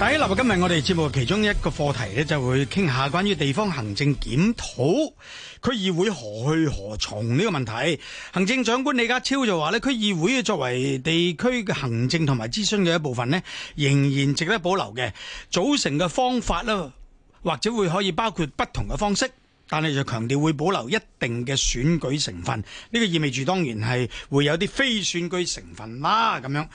戴希立，今日我哋節目的其中一個課題咧，就會傾下關於地方行政檢討區議會何去何從呢個問題。行政長官李家超就話咧，區議會作為地區嘅行政同埋諮詢嘅一部分呢，仍然值得保留嘅。組成嘅方法咧，或者會可以包括不同嘅方式，但係就強調會保留一定嘅選舉成分。呢個意味住，當然係會有啲非選舉成分啦。咁樣，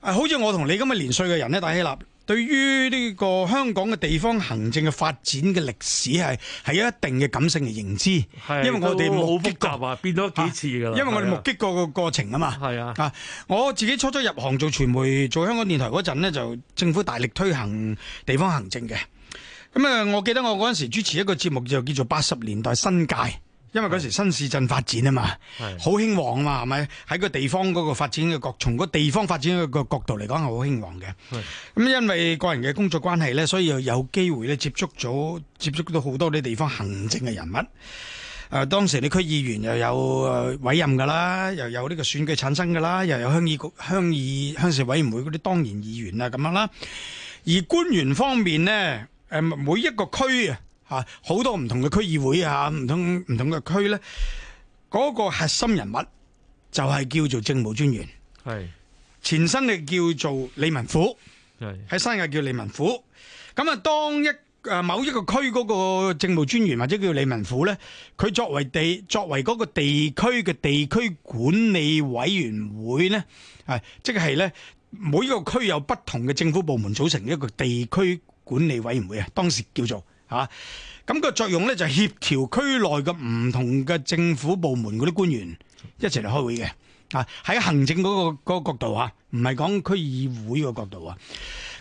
啊，好似我同你咁嘅年歲嘅人呢，戴希立。對於呢個香港嘅地方行政嘅發展嘅歷史係係有一定嘅感性嘅認知的，因為我哋好複雜啊，變咗幾次噶、啊、因為我哋目擊過個過程啊嘛。係啊，我自己初初入行做傳媒，做香港電台嗰陣呢，就政府大力推行地方行政嘅。咁啊，我記得我嗰陣時主持一個節目，就叫做《八十年代新界》。因為嗰時新市鎮發展啊嘛，好興旺啊嘛，係咪喺個地方嗰個發展嘅角度，從個地方發展嘅角度嚟講係好興旺嘅。咁因為個人嘅工作關係呢，所以又有機會呢接觸咗接觸到好多啲地方行政嘅人物。誒、呃，當時啲區議員又有委任噶啦，又有呢個選舉產生噶啦，又有鄉議局、鄉議鄉事委,委員會嗰啲當然議員啊咁樣啦。而官員方面呢，誒每每一個區啊。啊！好多唔同嘅區議會啊，唔同唔同嘅區呢，嗰、嗰個核心人物就係叫做政務專員，係前身嘅叫做理民府，係喺新界叫理民府。咁啊，當一誒某一個區嗰個政務專員或者叫理民府呢，佢作為地作為嗰個地區嘅地區管理委員會呢，啊、即係呢，每一個區有不同嘅政府部門組成一個地區管理委員會啊，當時叫做。咁、啊個作用咧就協調區內嘅唔同嘅政府部門嗰啲官員一齊嚟開會嘅啊！喺行政嗰個個角度啊，唔係講區議會個角度啊。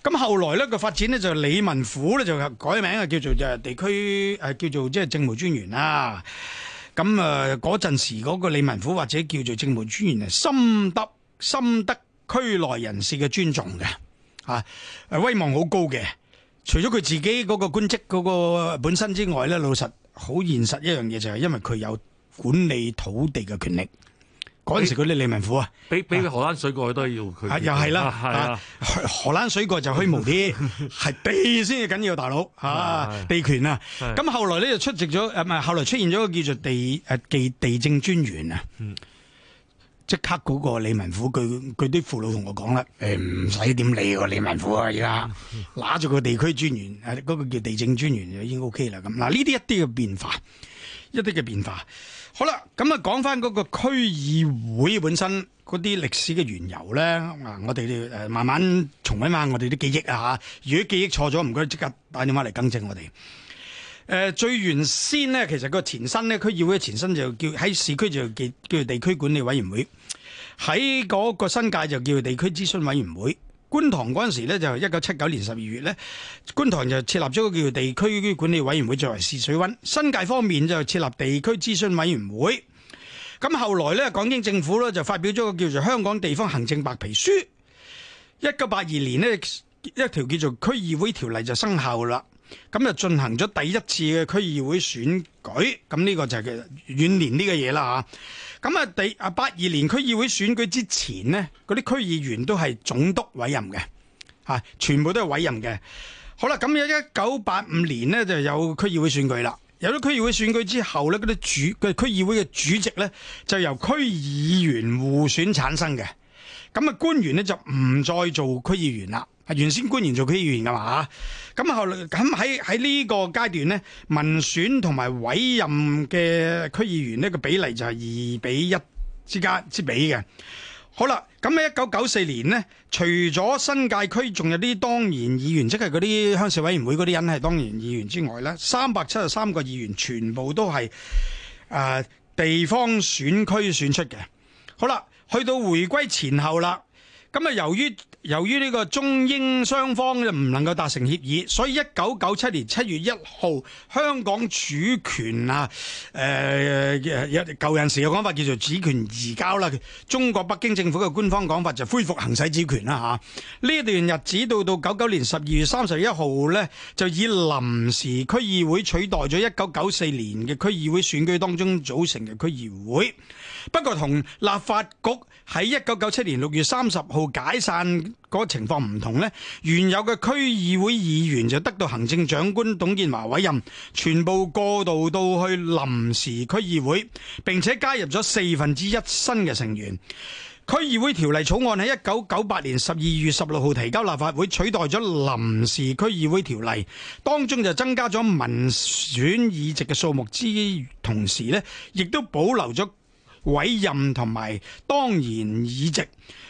咁後來咧個發展咧就李文虎咧就改名叫做地啊，叫做就地區誒叫做即係政務專員啦。咁啊嗰陣時嗰個李文虎或者叫做政務專員係深得深得區內人士嘅尊重嘅、啊、威望好高嘅。除咗佢自己嗰個官職嗰個本身之外咧，老實好現實一樣嘢就係、是、因為佢有管理土地嘅權力。嗰陣時佢啲理民府啊，俾俾荷蘭水蓋都要佢、啊。又係啦，啊啊啊、荷蘭水蓋就虛無啲，係 地先至緊要，大佬啊，啊，啊地權啊。咁、啊、後來咧就出席咗，誒唔係後來出現咗個叫做地誒地、啊、地政專員啊。嗯。即刻嗰個李文虎，佢佢啲父老同我講啦，誒，唔使點理個李文虎啊，而家揦住個地區專員，誒、那、嗰個叫地政專員就已經 O K 啦。咁嗱呢啲一啲嘅變化，一啲嘅變化，好啦，咁啊講翻嗰個區議會本身嗰啲歷史嘅緣由咧，我哋誒慢慢重溫下我哋啲記憶啊吓，如果記憶錯咗，唔該即刻打電話嚟更正我哋。誒，最原先呢，其實個前身呢區議會嘅前身就叫喺市區就叫叫地區管理委員會。喺嗰個新界就叫地區諮詢委員會。觀塘嗰陣時呢，就一九七九年十二月呢，觀塘就設立咗個叫做地區管理委員會作為試水温。新界方面就設立地區諮詢委員會。咁後來呢，港英政府呢，就發表咗個叫做《香港地方行政白皮書》。一九八二年呢，一條叫做《區議會條例》就生效啦。咁就進行咗第一次嘅區議會選舉，咁呢個就係嘅遠年呢個嘢啦吓。咁啊，第啊八二年區議會選舉之前呢，嗰啲區議員都係總督委任嘅。吓全部都係委任嘅。好啦，咁有一九八五年呢就有區議會選舉啦。有咗區議會選舉之後咧，嗰啲主區議會嘅主席咧就由區議員互選產生嘅。咁啊，官員咧就唔再做區議員啦。原先官員做區議員噶嘛，咁後嚟咁喺，喺呢個階段呢，民選同埋委任嘅區議員呢個比例就係二比一之間之比嘅。好啦，咁喺一九九四年呢，除咗新界區仲有啲當然議員，即係嗰啲鄉事委員會嗰啲人係當然議員之外呢，三百七十三個議員全部都係誒、呃、地方選區選出嘅。好啦，去到回歸前後啦，咁啊由於由於呢個中英雙方就唔能夠達成協議，所以一九九七年七月一號，香港主權啊，誒、呃、舊人時嘅講法叫做主權移交啦。中國北京政府嘅官方講法就恢復行使主權啦吓。呢段日子到到九九年十二月三十一號呢，就以臨時區議會取代咗一九九四年嘅區議會選舉當中組成嘅區議會。不過同立法局喺一九九七年六月三十號解散。個情況唔同呢，原有嘅區議會議員就得到行政長官董建華委任，全部過渡到去臨時區議會，並且加入咗四分之一新嘅成員。區議會條例草案喺一九九八年十二月十六號提交立法會，取代咗臨時區議會條例，當中就增加咗民選議席嘅數目，之同時呢亦都保留咗委任同埋當然議席。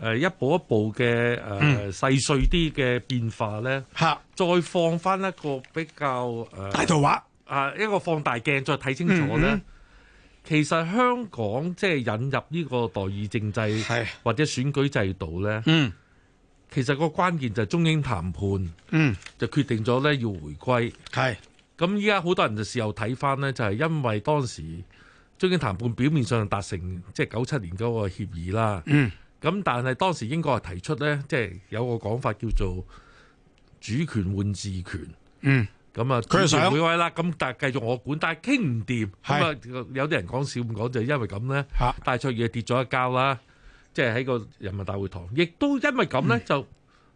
誒一步一步嘅誒、呃、細碎啲嘅變化呢，嚇、嗯，再放翻一個比較誒、呃、大圖畫啊，一個放大鏡再睇清楚呢，嗯嗯，其實香港即係引入呢個代議政制或者選舉制度咧，其實個關鍵就係中英談判，嗯，就決定咗呢要回歸，係。咁依家好多人就事後睇翻呢，就係、是、因為當時中英談判表面上達成即係九七年嗰個協議啦。嗯。咁但係當時英該國係提出咧，即、就、係、是、有個講法叫做主權換治權。嗯，咁啊，主權會歸啦。咁、嗯、但係繼續我管，但係傾唔掂。咁啊、嗯，有啲人講少唔講就因為咁咧。嚇、啊，戴卓爾跌咗一跤啦。即係喺個人民大會堂，亦都因為咁咧、嗯，就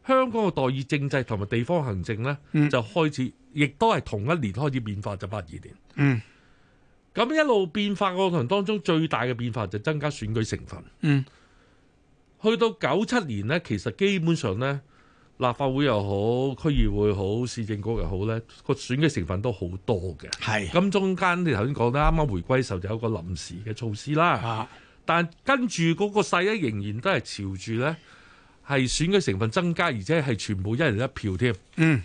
香港嘅代議政制同埋地方行政咧，就開始，亦都係同一年開始變化，就八二年。嗯，咁一路變化過程當中，最大嘅變化就增加選舉成分。嗯。去到九七年呢，其實基本上呢，立法會又好，區議會好，市政局又好，呢個選舉成分都好多嘅。係。咁中間你頭先講咧，啱啱回歸時候就有個臨時嘅措施啦。但跟住嗰個勢咧，仍然都係朝住呢，係選舉成分增加，而且係全部一人一票添。嗯。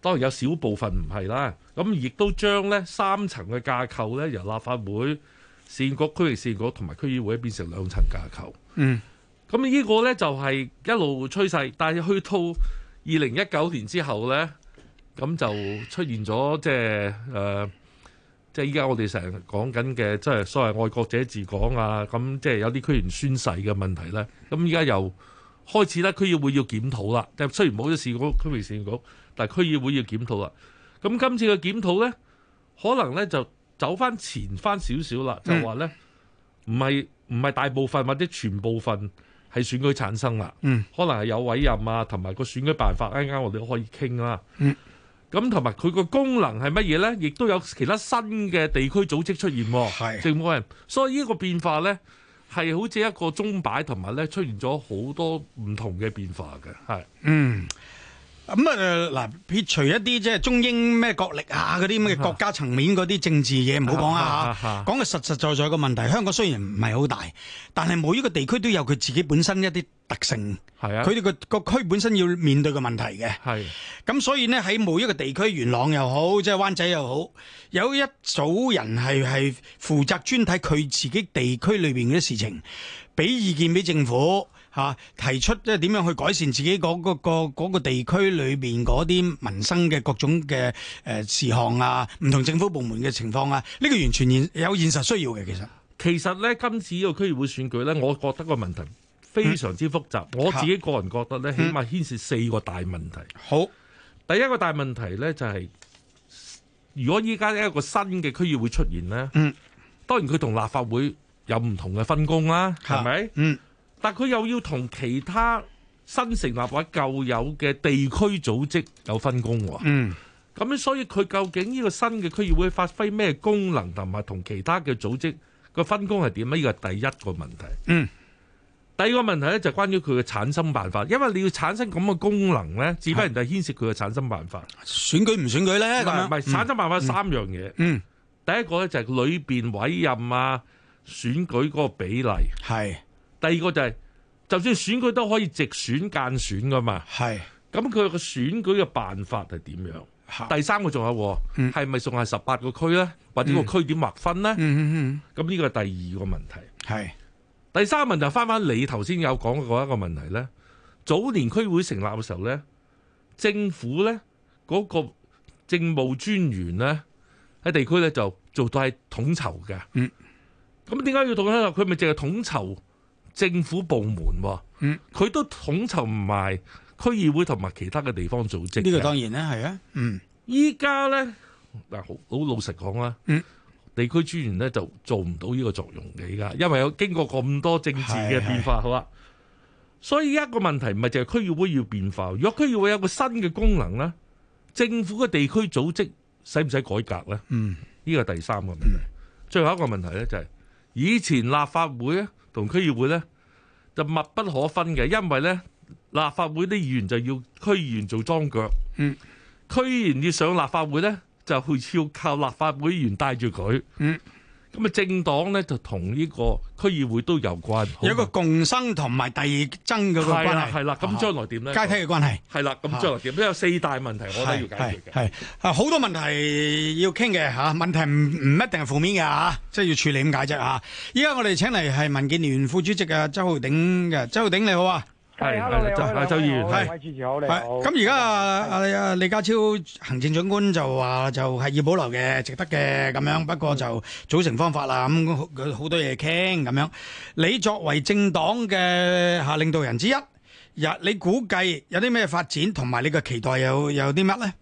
當然有少部分唔係啦。咁亦都將呢三層嘅架構呢，由立法會、市政局、區域市政局同埋區議會變成兩層架構。嗯。咁呢個咧就係、是、一路趨勢，但係去到二零一九年之後咧，咁就出現咗即係誒，即係依家我哋成日講緊嘅，即係所謂愛國者治港啊，咁即係有啲區議員宣誓嘅問題咧。咁依家又開始咧，區議會要檢討啦。雖然冇咗市政局區域市政局，但係區議會要檢討啦。咁今次嘅檢討咧，可能咧就走翻前翻少少啦，就話咧唔係唔係大部分或者全部份。係選舉產生啦，嗯，可能係有委任啊，同埋個選舉辦法啱啱我哋都可以傾啦。咁同埋佢個功能係乜嘢咧？亦都有其他新嘅地區組織出現，政府人。所以呢個變化咧，係好似一個鐘擺，同埋咧出現咗好多唔同嘅變化嘅，係。嗯咁、嗯、啊，嗱、呃，撇除一啲即係中英咩角力啊嗰啲咁嘅國家層面嗰啲政治嘢唔好講啊。嚇，講、啊、嘅、啊、實實在在，在個問題。香港雖然唔係好大，但係每一個地區都有佢自己本身一啲特性。啊，佢哋個個區本身要面對嘅問題嘅。咁、啊、所以呢，喺每一個地區，元朗又好，即係灣仔又好，有一組人係係負責專睇佢自己地區裏面嘅事情，俾意見俾政府。吓、啊、提出即係點樣去改善自己嗰、那個、那個嗰、那個地區裏邊嗰啲民生嘅各種嘅誒、呃、事項啊，唔同政府部門嘅情況啊，呢、這個完全現有現實需要嘅，其實其實咧今次呢個區議會選舉咧，我覺得個問題非常之複雜。嗯、我自己個人覺得咧、嗯，起碼牽涉四個大問題。好，第一個大問題咧就係、是、如果依家一個新嘅區議會出現咧，嗯，當然佢同立法會有唔同嘅分工啦，係咪？嗯。但佢又要同其他新成立或舊有嘅地區組織有分工喎、啊。嗯。咁所以佢究竟呢個新嘅區議會發揮咩功能，同埋同其他嘅組織個分工係點？呢呢個係第一個問題。嗯。第二個問題咧就關於佢嘅產生辦法，因為你要產生咁嘅功能咧，自不然就牽涉佢嘅產生辦法。選舉唔選舉咧？唔係、嗯、產生辦法三樣嘢、嗯。嗯。第一個咧就係裏邊委任啊，選舉嗰個比例係。第二個就係、是，就算選舉都可以直選間選噶嘛。係咁，佢個選舉嘅辦法係點樣？第三個仲有個，係咪仲係十八個區咧？或者個區點劃分咧？咁、嗯、呢個係第二個問題。第三個問題就翻、是、翻你頭先有講過一個問題咧。早年區會成立嘅時候咧，政府咧嗰個政務專員咧喺地區咧就做到係統籌嘅。咁點解要統籌？佢咪淨係統籌？政府部門，佢都統籌唔埋區議會同埋其他嘅地方組織。嗯、呢個當然啦，係啊。嗯，依家咧，嗱好老實講啦，地區資源咧就做唔到呢個作用嘅依家，因為有經過咁多政治嘅變化，好、嗯、啦。所以一個問題唔係就係區議會要變化，若區議會有個新嘅功能咧，政府嘅地區組織使唔使改革咧？嗯，呢個第三個問題、嗯嗯。最後一個問題咧就係、是、以前立法會咧。同區議會咧就密不可分嘅，因為咧立法會啲議員就要區議員做樁腳、嗯，區議員要上立法會咧就去要靠立法會議員帶住佢。嗯咁啊，政黨咧就同呢個區議會都有關，有一個共生同埋遞增嗰個關係，係啦、啊。咁、啊啊、將來點咧、啊？階梯嘅關係，係啦、啊。咁將來點？都有四大問題，我都要解決嘅。係啊，好多問題要傾嘅嚇。問題唔唔一定係負面嘅嚇。即係要處理咁解啫嚇。依、啊、家我哋請嚟係民建聯副主席啊周浩鼎嘅，周浩鼎，周浩鼎你好啊！係，阿周，阿周議員係，咁而家阿阿李家超行政長官就話就係要保留嘅，值得嘅咁樣。不過就組成方法啦，咁好多嘢傾咁樣。你作為政黨嘅下領導人之一，日你估計有啲咩發展，同埋你嘅期待有有啲乜咧？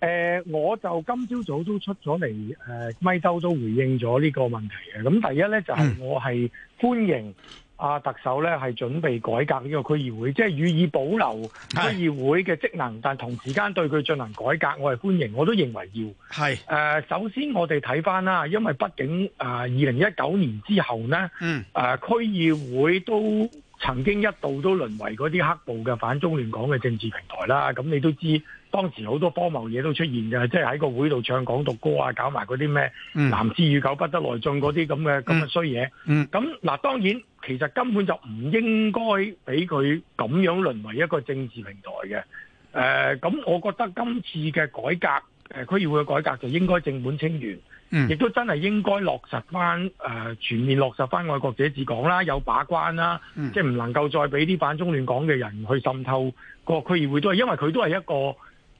誒，我就今朝早都出咗嚟，誒，咪都都回應咗呢個問題嘅。咁第一咧就係我係歡迎。啊！特首咧係準備改革呢個區議會，即係予以保留區議會嘅職能，但同時間對佢進行改革，我係歡迎。我都認為要、呃、首先我哋睇返啦，因為畢竟誒二零一九年之後呢誒、呃、區議會都曾經一度都淪為嗰啲黑暴嘅反中亂港嘅政治平台啦。咁你都知。當時好多荒謬嘢都出現嘅，即係喺個會度唱港獨歌啊，搞埋嗰啲咩藍絲與狗不得內進嗰啲咁嘅咁嘅衰嘢。咁、嗯、嗱、嗯嗯，當然其實根本就唔應該俾佢咁樣淪為一個政治平台嘅。誒、呃，咁我覺得今次嘅改革，誒區議會嘅改革就應該正本清源，亦、嗯、都真係應該落實翻誒、呃、全面落實翻愛國者治港啦，有把關啦、啊，即係唔能夠再俾啲反中亂港嘅人去滲透個區議會，都係因為佢都係一個。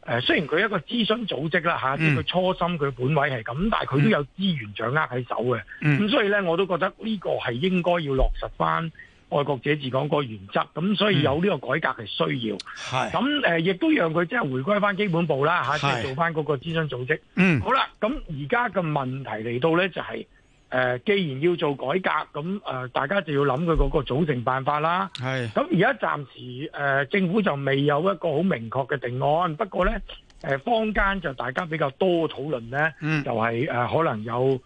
誒，雖然佢一個諮詢組織啦吓，即佢初心佢本位係咁、嗯，但係佢都有資源掌握喺手嘅，咁、嗯、所以咧，我都覺得呢個係應該要落實翻愛國者治港個原則，咁所以有呢個改革係需要，係咁誒，亦都讓佢即係回歸翻基本部啦吓，即係做翻嗰個諮詢組織。嗯，好啦，咁而家嘅問題嚟到咧就係、是。誒，既然要做改革，咁誒，大家就要諗佢嗰個組成辦法啦。係，咁而家暫時誒，政府就未有一個好明確嘅定案。不過咧，誒，坊間就大家比較多討論咧，就係誒，可能有。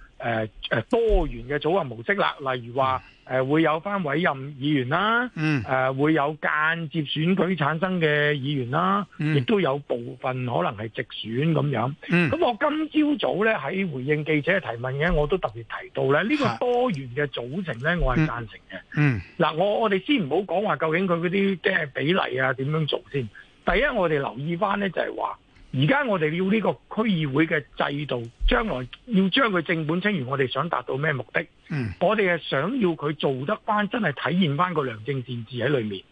誒多元嘅組合模式啦，例如話誒會有翻委任議員啦，誒、嗯、會有間接選舉產生嘅議員啦，亦、嗯、都有部分可能係直選咁樣。咁、嗯、我今朝早咧喺回應記者嘅提問嘅，我都特別提到咧呢、這個多元嘅組成咧、嗯嗯，我係贊成嘅。嗱，我我哋先唔好講話究竟佢嗰啲即係比例啊點樣做先。第一，我哋留意翻咧就係話。而家我哋要呢個區議會嘅制度，將來要將佢正本清源，我哋想達到咩目的？嗯、我哋係想要佢做得翻，真係體現翻個良政善治喺裏面。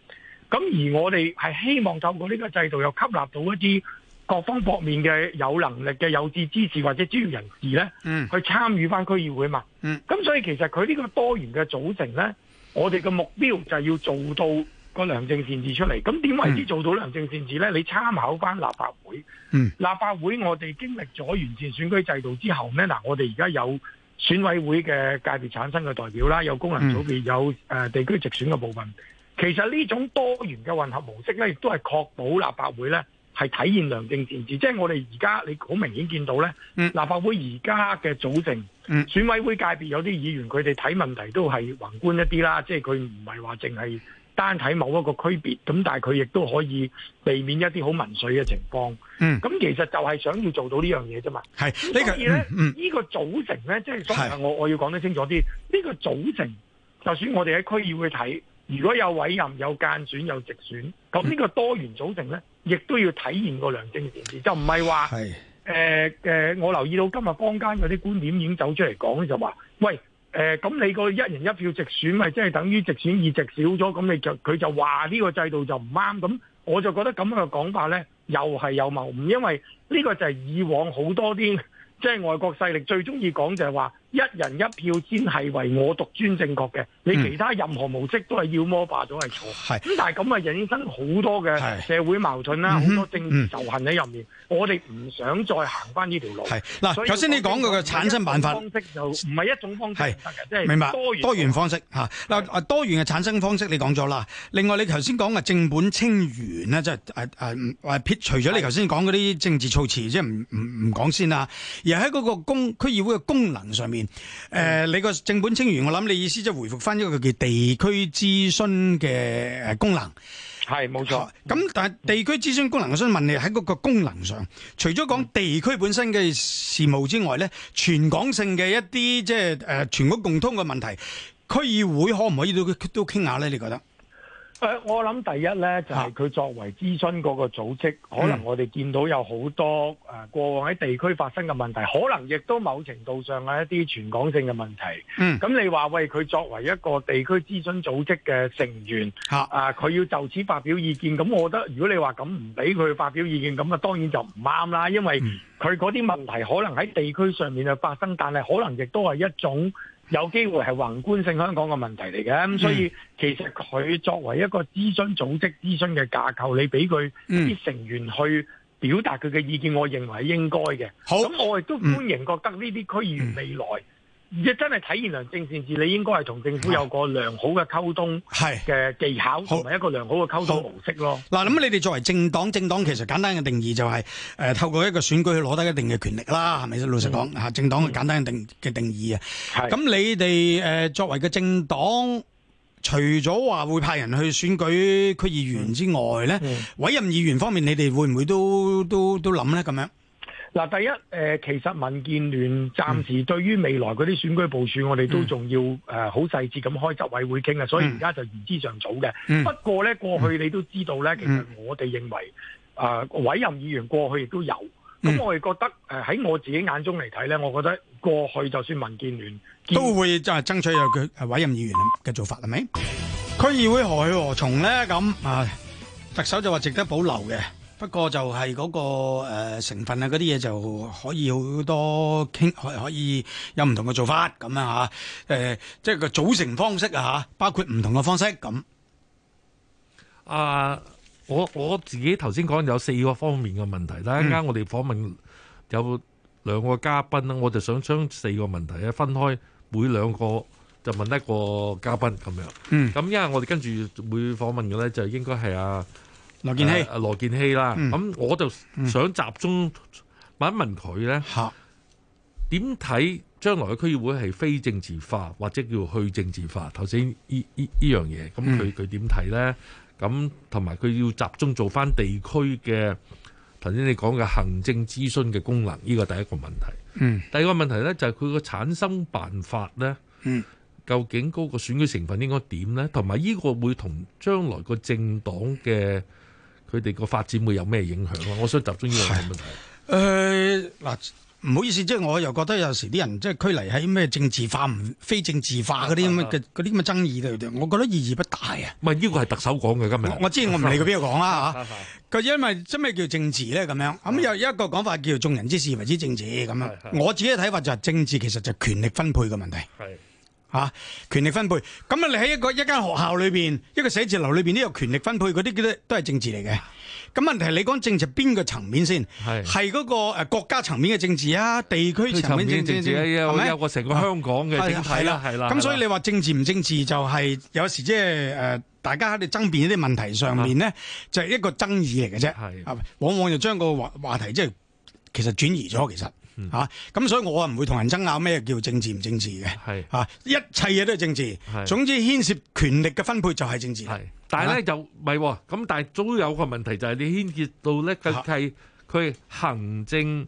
咁而我哋係希望透過呢個制度，又吸納到一啲各方搏面嘅有能力嘅有志之士或者專業人士咧，去參與翻區議會嘛。咁、嗯嗯、所以其實佢呢個多元嘅組成咧，我哋嘅目標就係要做到。個良政善治出嚟，咁點為之做到良政善治呢？嗯、你參考翻立法會，嗯，立法會我哋經歷咗完善選舉制度之後呢，嗱，我哋而家有選委會嘅界別產生嘅代表啦，有功能組別、嗯，有誒地區直選嘅部分。其實呢種多元嘅混合模式呢，亦都係確保立法會呢係體現良政善治。即係我哋而家你好明顯見到呢、嗯，立法會而家嘅組成，嗯，選委會界別有啲議員佢哋睇問題都係宏觀一啲啦，即係佢唔係話淨係。單睇某一個區別，咁但係佢亦都可以避免一啲好民粹嘅情況。嗯，咁其實就係想要做到呢樣嘢啫嘛。係，所以咧，呢、嗯這個組成咧、嗯，即係，我我要講得清楚啲。呢、這個組成，就算我哋喺區議會睇，如果有委任、有間選、有直選，咁、嗯、呢、這個多元組成咧，亦都要體現個良政善治，就唔係話，係、呃呃、我留意到今日坊間嗰啲觀點已經走出嚟講咧，就話，喂。誒、呃、咁你個一人一票直選咪即係等於直選議席少咗？咁你就佢就話呢個制度就唔啱。咁我就覺得咁樣嘅講法呢，又係有謬誤，因為呢個就係以往好多啲即係外國勢力最中意講就係話。一人一票先係唯我獨尊正確嘅，你其他任何模式都係要魔霸咗係錯。咁但係咁啊，引申好多嘅社會矛盾啦，好多政治仇恨喺入面。我哋唔想再行翻呢條路。嗱，頭先你講佢嘅產生辦法方式就唔係一種方式，種方式，係，即係明白多元方式吓，嗱，多元嘅產生方式你講咗啦。另外，你頭先講嘅正本清源咧，即係誒誒誒撇除咗你頭先講嗰啲政治措辭，即係唔唔唔講先啦。而喺嗰個公區議會嘅功能上面。誒、嗯呃，你個正本清源，我諗你意思即係回復翻一個叫地區諮詢嘅功能，係冇錯。咁但係地區諮詢功能，我想問你喺嗰個功能上，除咗講地區本身嘅事務之外咧，全港性嘅一啲即係誒，全國共通嘅問題，區議會可唔可以都都傾下咧？你覺得？我諗第一呢就係、是、佢作為諮詢嗰個組織，可能我哋見到有好多誒、呃、過往喺地區發生嘅問題，可能亦都某程度上係一啲全港性嘅問題。嗯，咁你話喂，佢作為一個地區諮詢組織嘅成員，啊、呃，佢要就此發表意見，咁我覺得如果你話咁唔俾佢發表意見，咁啊當然就唔啱啦，因為佢嗰啲問題可能喺地區上面就發生，但係可能亦都係一種。有機會係宏觀性香港嘅問題嚟嘅，咁所以其實佢作為一個諮詢組織、諮詢嘅架構，你俾佢啲成員去表達佢嘅意見，我認為係應該嘅。好，咁我亦都歡迎覺得呢啲區議員未來。而真係體現良政善治，你應該係同政府有個良好嘅溝通，嘅技巧同埋一個良好嘅溝通、哦、模式咯。嗱，咁你哋作為政黨，政黨其實簡單嘅定義就係、是呃、透過一個選舉去攞得一定嘅權力啦，係咪？老實講吓，政黨嘅簡單嘅定嘅定義啊。咁、嗯、你哋、呃、作為嘅政黨，除咗話會派人去選舉區議員之外咧、嗯，委任議員方面，你哋會唔會都都都諗呢？咁樣？嗱，第一、呃，其實民建聯暫時對於未來嗰啲選舉部署，嗯、我哋都仲要誒好、呃、細緻咁開執委會傾啊、嗯，所以而家就言之尚早嘅、嗯。不過咧，過去你都知道咧、嗯，其實我哋認為誒、呃、委任議員過去亦都有，咁、嗯、我哋覺得誒喺、呃、我自己眼中嚟睇咧，我覺得過去就算民建聯件都會就係爭取有佢委任議員嘅做法，係咪？區議會何去何從咧？咁啊，特首就話值得保留嘅。不過就係嗰，那個誒、呃、成分啊，嗰啲嘢就可以好多傾，可以有唔同嘅做法咁樣吓。誒、啊呃，即係個組成方式啊，吓，包括唔同嘅方式咁。阿、啊、我我自己頭先講有四個方面嘅問題，一陣間我哋訪問有兩個嘉賓啦、嗯，我就想將四個問題咧分開每兩，每兩個就問一個嘉賓咁樣。嗯。咁因為我哋跟住會訪問嘅咧，就應該係阿。羅健熙，羅健熙啦，咁、嗯、我就想集中問一問佢咧，點睇將來嘅區議會係非政治化或者叫去政治化？頭先、嗯、呢呢呢樣嘢，咁佢佢點睇咧？咁同埋佢要集中做翻地區嘅，頭先你講嘅行政諮詢嘅功能，呢個第一個問題。嗯，第二個問題咧就係佢個產生辦法咧，究竟嗰個選舉成分應該點咧？同埋呢個會同將來個政黨嘅？佢哋個發展會有咩影響？我想集中呢個問題。誒嗱，呃，唔好意思，即係我又覺得有時啲人即係拘泥喺咩政治化唔非政治化嗰啲咁嘅啲咁嘅爭議度，我覺得意義不大啊。唔係呢個係特首講嘅今日。我知我唔理佢邊度講啦嚇。佢因為真係咩叫政治咧咁樣，咁有一個講法叫做「眾人之事為之政治」咁樣。我自己嘅睇法就係政治其實就係權力分配嘅問題。係係啊，權力分配咁啊！你喺一個一間學校裏面，一個寫字樓裏面都有權力分配，嗰啲都係政治嚟嘅。咁問題係你講政治邊個層面先？係嗰、嗰個、呃、國家層面嘅政治啊，地區層面政治啊，治啊有個成個香港嘅整體啦、啊，係啦。咁所以你話政治唔政治就係有時即係誒，大家喺度爭辯一啲問題上面咧，就係、是、一個爭議嚟嘅啫。往往就將個話話題即、就、係、是、其實轉移咗，其實吓、嗯、咁、啊、所以我唔會同人爭拗咩叫政治唔政治嘅。係吓、啊、一切嘢都係政治，總之牽涉權力嘅分配就係政治，係，但係咧就唔係，咁、啊哦、但係都有個問題就係你牽涉到咧佢係佢行政。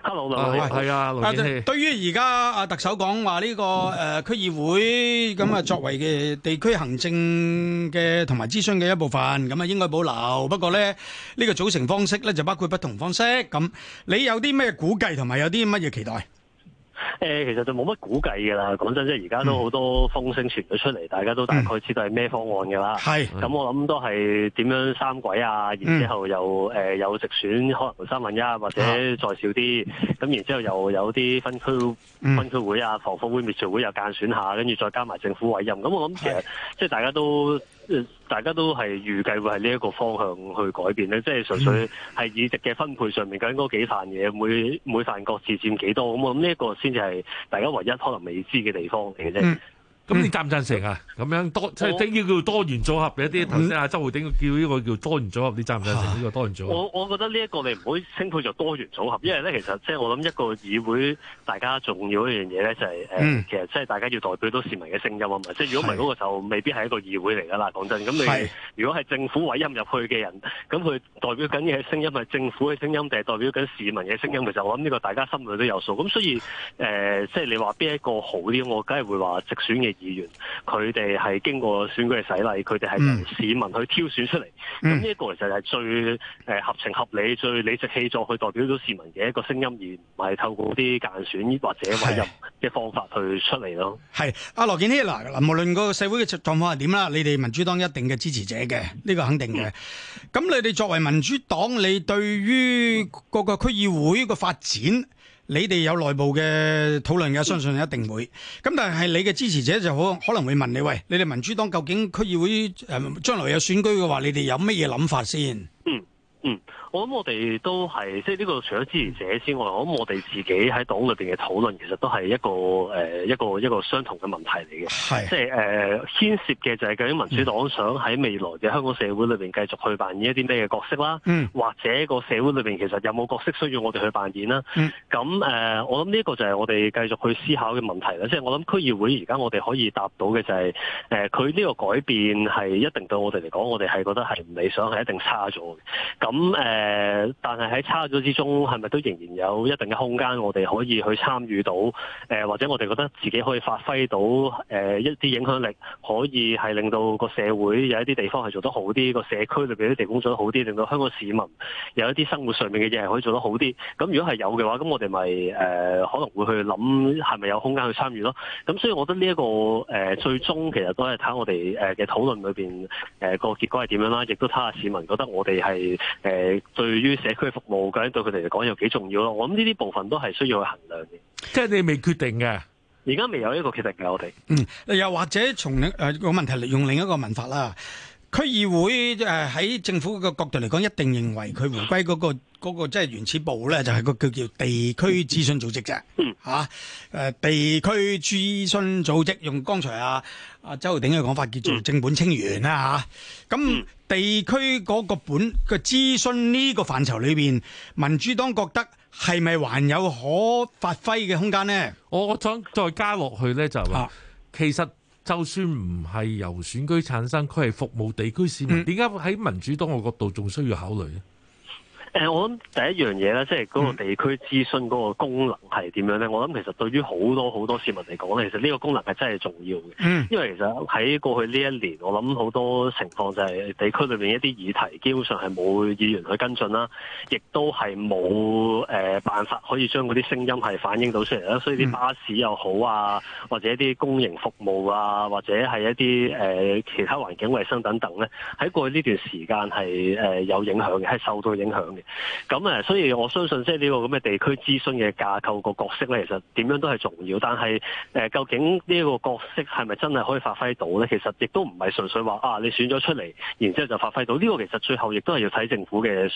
hello，係啊，對於而家特首講話呢個誒區議會咁啊，作為嘅地區行政嘅同埋諮詢嘅一部分，咁啊應該保留。不過咧，呢個組成方式咧就包括不同方式。咁你有啲咩估計同埋有啲乜嘢期待？誒，其實就冇乜估計㗎啦。講真，即係而家都好多風聲傳咗出嚟，大家都大概知道係咩方案㗎啦。咁、嗯、我諗都係點樣三軌啊？嗯、然之後又誒有、呃、直選，可能三分一或者再少啲。咁、啊、然之後又有啲分區分區會啊、嗯、防火會滅罪會又間選下，跟住再加埋政府委任。咁我諗其實、嗯、即係大家都。大家都係預計會係呢一個方向去改變咧，即係純粹係議席嘅分配上面究竟嗰幾份嘢，每每份各自佔幾多，咁啊，呢一個先至係大家唯一可能未知嘅地方嚟嘅啫。嗯咁、嗯、你贊唔贊成啊？咁樣多即係即係要叫多元組合嘅一啲，頭先阿周浩鼎叫呢個叫多元組合，你贊唔贊成呢、呢個多元組合？我我覺得呢一個你唔可以稱佢做多元組合，因為咧其實即係、就是、我諗一個議會，大家重要一樣嘢咧就係、是嗯、其實即係大家要代表到市民嘅聲音啊嘛。即係如果唔係嗰個，就未必係一個議會嚟噶啦。講真，咁你如果係政府委任入去嘅人，咁佢代表緊嘅聲音係政府嘅聲音定係代表緊市民嘅聲音？其實、就是、我諗呢個大家心裏都有數。咁所以即係、呃就是、你話邊一個好啲，我梗係會話直選嘅。議員佢哋係經過選舉嘅洗禮，佢哋係由市民去挑選出嚟，咁呢一個其實係最誒合情合理、嗯、最理直氣壯去代表咗市民嘅一個聲音，而唔係透過啲間選或者委任嘅方法去出嚟咯。係，阿羅健熙，嗱嗱，無論個社會嘅狀況係點啦，你哋民主黨一定嘅支持者嘅呢、呢個肯定嘅。咁、嗯、你哋作為民主黨，你對於各個區議會個發展？你哋有內部嘅討論嘅，相信一定會。咁、嗯、但係你嘅支持者就好可能會問你：喂，你哋民主黨究竟區議會誒將來有選舉嘅話，你哋有乜嘢諗法先？嗯嗯。我諗我哋都係，即係呢個除咗支持者之外，我諗我哋自己喺黨裏面嘅討論，其實都係一個、呃、一個一個相同嘅問題嚟嘅。係即係誒、呃、牽涉嘅就係究竟民主黨想喺未來嘅香港社會裏面繼續去扮演一啲咩嘅角色啦，嗯，或者個社會裏面其實有冇角色需要我哋去扮演啦。嗯，咁誒、呃，我諗呢一個就係我哋繼續去思考嘅問題啦。即係我諗區議會而家我哋可以答到嘅就係、是、誒，佢、呃、呢個改變係一定對我哋嚟講，我哋係覺得係唔理想，係一定差咗嘅。咁誒、呃，但係喺差咗之中，係咪都仍然有一定嘅空間，我哋可以去參與到？誒、呃，或者我哋覺得自己可以發揮到？誒、呃，一啲影響力可以係令到個社會有一啲地方係做得好啲，個社區裏面啲地方做得好啲，令到香港市民有一啲生活上面嘅嘢係可以做得好啲。咁如果係有嘅話，咁我哋咪誒可能會去諗係咪有空間去參與咯？咁所以我覺得呢、這、一個、呃、最終其實都係睇我哋誒嘅討論裏邊誒個結果係點樣啦，亦都睇下市民覺得我哋係誒。呃對於社區服務咁對佢哋嚟講又幾重要咯，我諗呢啲部分都係需要去衡量嘅。即係你未決定嘅，而家未有一個決定嘅，我哋。嗯，又或者從誒個問題用另一個問法啦，區議會誒喺、呃、政府嘅角度嚟講，一定認為佢回歸嗰、那個即係、 那個那個、原始部咧，就係、是、個叫叫地區諮詢組織啫。嗯、 啊。嚇、呃、地區諮詢組織用剛才阿、啊、阿、啊、周浩鼎嘅講法叫做正本清源啦嚇。咁、啊。啊 地區嗰個本嘅諮詢呢個範疇裏面，民主黨覺得係咪還有可發揮嘅空間呢？我想再加落去呢，就話其實就算唔係由選舉產生，佢係服務地區市民，點解喺民主黨嘅角度仲需要考慮呢？誒，我諗第一樣嘢咧，即係嗰個地區諮詢嗰個功能係點樣咧？我諗其實對於好多好多市民嚟講咧，其實呢個功能係真係重要嘅。因為其實喺過去呢一年，我諗好多情況就係地區裏面一啲議題，基本上係冇議員去跟進啦，亦都係冇誒辦法可以將嗰啲聲音係反映到出嚟啦。所以啲巴士又好啊，或者一啲公營服務啊，或者係一啲誒、呃、其他環境衛生等等咧，喺過去呢段時間係、呃、有影響嘅，係受到影響嘅。咁誒，所以我相信即係呢個咁嘅地區諮詢嘅架構個角色咧，其實點樣都係重要。但係誒、呃，究竟呢個角色係咪真係可以發揮到咧？其實亦都唔係純粹話啊，你選咗出嚟，然之後就發揮到呢、這個。其實最後亦都係要睇政府嘅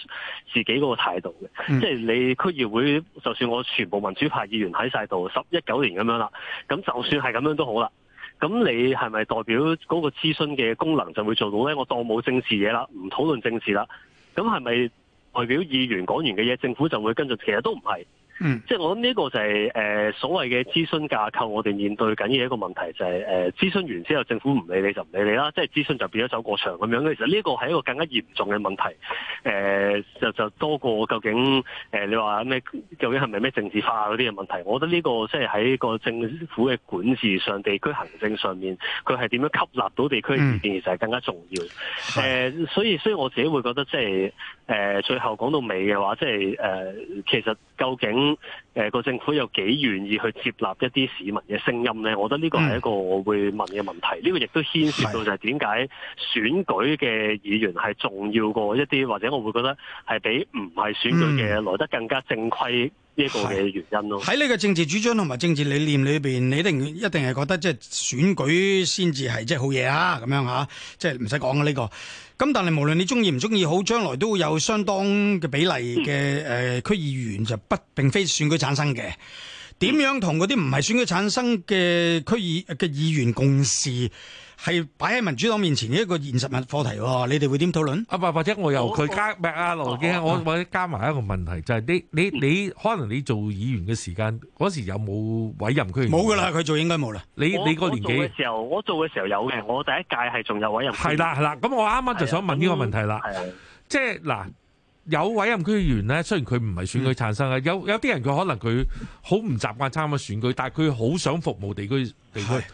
自己嗰個態度嘅。即、嗯、係你區議會，就算我全部民主派議員喺晒度，十一九年咁樣啦，咁就算係咁樣都好啦。咁你係咪代表嗰個諮詢嘅功能就會做到咧？我當冇政治嘢啦，唔討論政治啦。咁係咪？代表議員講完嘅嘢，政府就會跟進，其實都唔係。嗯， 即係我諗呢個就係、是、誒、呃、所謂嘅諮詢架構，我哋面對緊嘅一個問題就係誒諮詢完之後政府唔理你就唔理你啦，即係諮詢就變咗走過場咁樣。其實呢個係一個更加嚴重嘅問題，誒、呃、就就多過究竟誒、呃、你話咩究竟係咪咩政治化嗰啲嘅問題？我覺得呢、這個即係喺個政府嘅管治上地區行政上面，佢係點樣吸納到地區意見，其實係更加重要。誒、 呃，所以所以我自己會覺得即係誒、呃、最後講到尾嘅話，即係誒、呃、其實。究竟誒個、呃、政府有幾願意去接納一啲市民嘅聲音咧？我覺得呢個係一個我會問嘅問題。呢個亦都牽涉到就係點解選舉嘅議員係重要過一啲，或者我會覺得係比唔係選舉嘅來得更加正規。呢、這個係原因咯，喺呢個政治主張同埋政治理念裏邊，你一定一定係覺得即係選舉先至係即係好嘢啊？咁樣吓，即係唔使講嘅呢個。咁但係無論你中意唔中意好，將來都會有相當嘅比例嘅誒、呃、區議員就不並非選舉產生嘅。點樣同嗰啲唔係選舉產生嘅區議嘅議員共事？係擺喺民主黨面前嘅一個現實問課題喎，你哋會點討論？啊，或或者我由佢加，唔係啊羅傑，我或者加埋一個問題，就係你你你可能你做議員嘅時間嗰時有冇委任區議員？冇噶啦，佢做應該冇啦。你你個年紀嘅時候，我做嘅時候有嘅。我第一屆係仲有委任區議員。係啦係啦，咁我啱啱就想問呢個問題啦，即係嗱，有委任區議員咧，雖然佢唔係選舉產生嘅，有有啲人佢可能佢好唔習慣參加選舉，但係佢好想服務地區地區。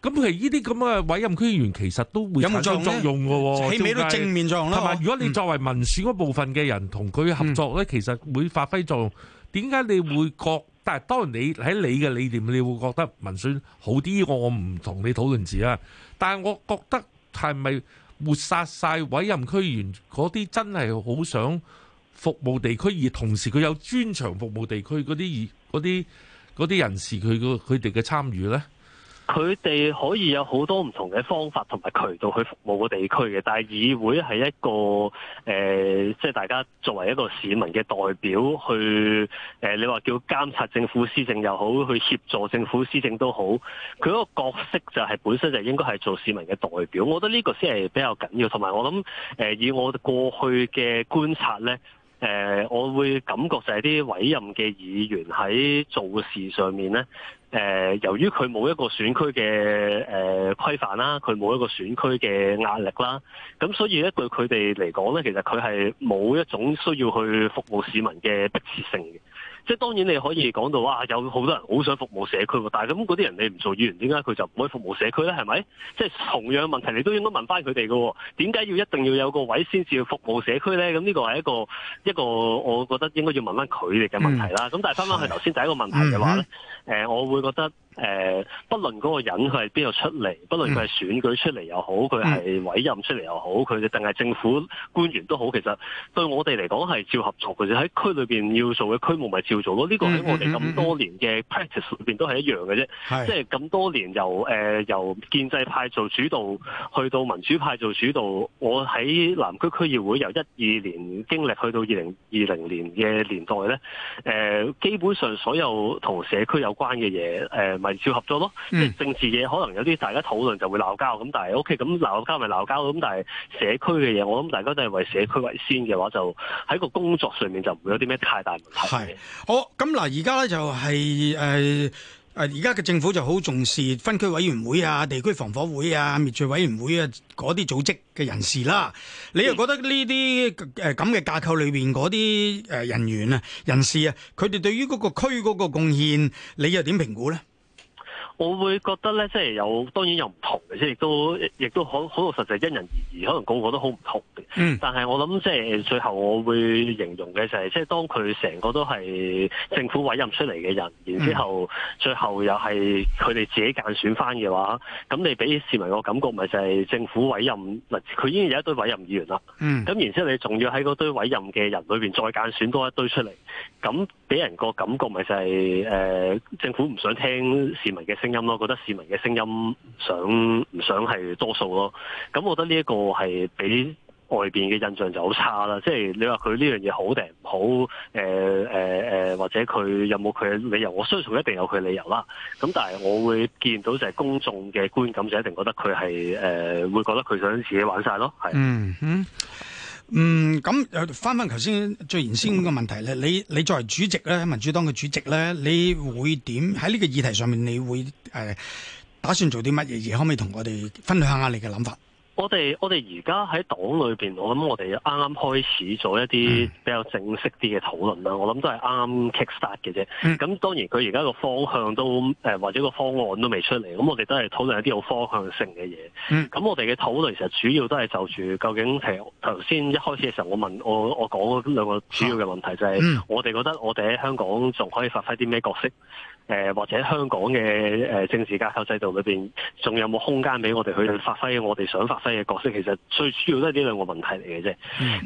咁佢呢啲咁嘅委任區議員其實都會產生作用嘅，起碼都正面作用啦。同埋，如果你作為民選嗰部分嘅人同佢合作咧，嗯，其實會發揮作用。點解你會覺？但係當然你喺你嘅理念，你會覺得民選好啲。我我唔同你討論字啦。但係我覺得係咪抹殺晒委任區議員嗰啲真係好想服務地區，而同時佢有專長服務地區嗰啲，啲啲人士佢佢哋嘅參與咧？佢哋可以有好多唔同嘅方法同埋渠道去服務個地區嘅，但係議會係一個誒，即係大家作為一個市民嘅代表去誒、呃、你話叫監察政府施政又好，去協助政府施政都好，佢嗰個角色就係本身就應該係做市民嘅代表。我覺得呢個先係比較緊要，同埋我諗誒、呃、以我過去嘅觀察咧，誒、呃、我會感覺就係啲委任嘅議員喺做事上面咧。誒、呃，由於佢冇一個選區嘅誒規範啦，佢冇一個選區嘅壓力啦，咁所以咧對佢哋嚟講咧，其實佢係冇一種需要去服務市民嘅迫切性嘅。即係當然你可以講到哇，有好多人好想服務社區喎，但係咁嗰啲人你唔做議員，點解佢就唔可以服務社區咧？係咪？即係同樣問題，你都應該問翻佢哋嘅喎，點解要一定要有個位先至要服務社區咧？咁呢個係一個一個，一個我覺得應該要問翻佢哋嘅問題啦。咁、嗯、但係翻翻去頭先第一個問題嘅話咧、嗯嗯呃，我會覺得。誒，不論嗰個人佢係邊度出嚟，不論佢係選舉出嚟又好，佢、嗯、係委任出嚟又好，佢哋定係政府官員都好，其實對我哋嚟講係照合作嘅啫。喺區裏面要做嘅區務咪照做咯。呢、呢個喺我哋咁多年嘅 practice 裏面都係一樣嘅啫。即係咁多年由誒、呃、由建制派做主導，去到民主派做主導。我喺南區區議會由一二年經歷去到二零二零年嘅年代咧，誒、呃、基本上所有同社區有關嘅嘢，呃係少合作咯，嗯、即係政治嘢，可能有啲大家討論就會鬧交咁，但係 O K 咁嗱，鬧交咪鬧交咁，但係社區嘅嘢，我諗大家都係為社區為先嘅話，就喺個工作上面就唔會有啲咩太大問題。係好咁嗱，而家咧就係誒誒，而家嘅政府就好重視分區委員會啊、地區防火會啊、滅罪委員會啊嗰啲組織嘅人士啦。你又覺得呢啲誒咁嘅架構裏邊嗰啲誒人員啊、人士啊，佢哋對於嗰個區嗰個貢獻，你又點評估咧？我會覺得咧，即係有當然有唔同嘅，即係亦都亦都好，好實際，因人而異，可能個個都好唔同嘅、嗯。但係我諗即係最後我會形容嘅就係、是，即係當佢成個都係政府委任出嚟嘅人，然之後最後又係佢哋自己間選翻嘅話，咁、嗯、你俾市民個感覺咪就係政府委任，佢已經有一堆委任議員啦。咁、嗯、然之後你仲要喺嗰堆委任嘅人裏面再間選多一堆出嚟，咁俾人個感覺咪就係、是呃、政府唔想聽市民嘅聲音。聲音咯，覺得市民嘅聲音想唔想係多數咯，咁我覺得呢一個係俾外邊嘅印象就好差啦。即係你話佢呢樣嘢，好定唔好，誒誒誒，或者佢有冇佢嘅理由？我相信一定有佢理由啦。咁但係我會見到就係公眾嘅觀感就一定覺得佢係誒，會覺得佢想自己玩晒咯，係。嗯，咁誒翻翻頭先最原先個問題咧，你你作為主席咧，民主黨嘅主席咧，你會點，喺呢個議題上面，你會誒、呃、打算做啲乜嘢？而可唔可以同我哋分享下你嘅諗法？我哋我哋而家喺黨裏面，我諗我哋啱啱開始咗一啲比較正式啲嘅討論啦。我諗都係啱啱 kick start 嘅啫。咁、嗯、當然佢而家個方向都、呃、或者個方案都未出嚟。咁我哋都係討論一啲好方向性嘅嘢。咁、嗯、我哋嘅討論其實主要都係就住究竟誒頭先一開始嘅時候我問，我問我我講兩個主要嘅問題就係我哋覺得我哋喺香港仲可以發揮啲咩角色？誒或者香港嘅誒政治架構制度裏邊仲有冇空間俾我哋去發揮我哋想發揮嘅角色？其實最主要都係呢兩個問題嚟嘅啫。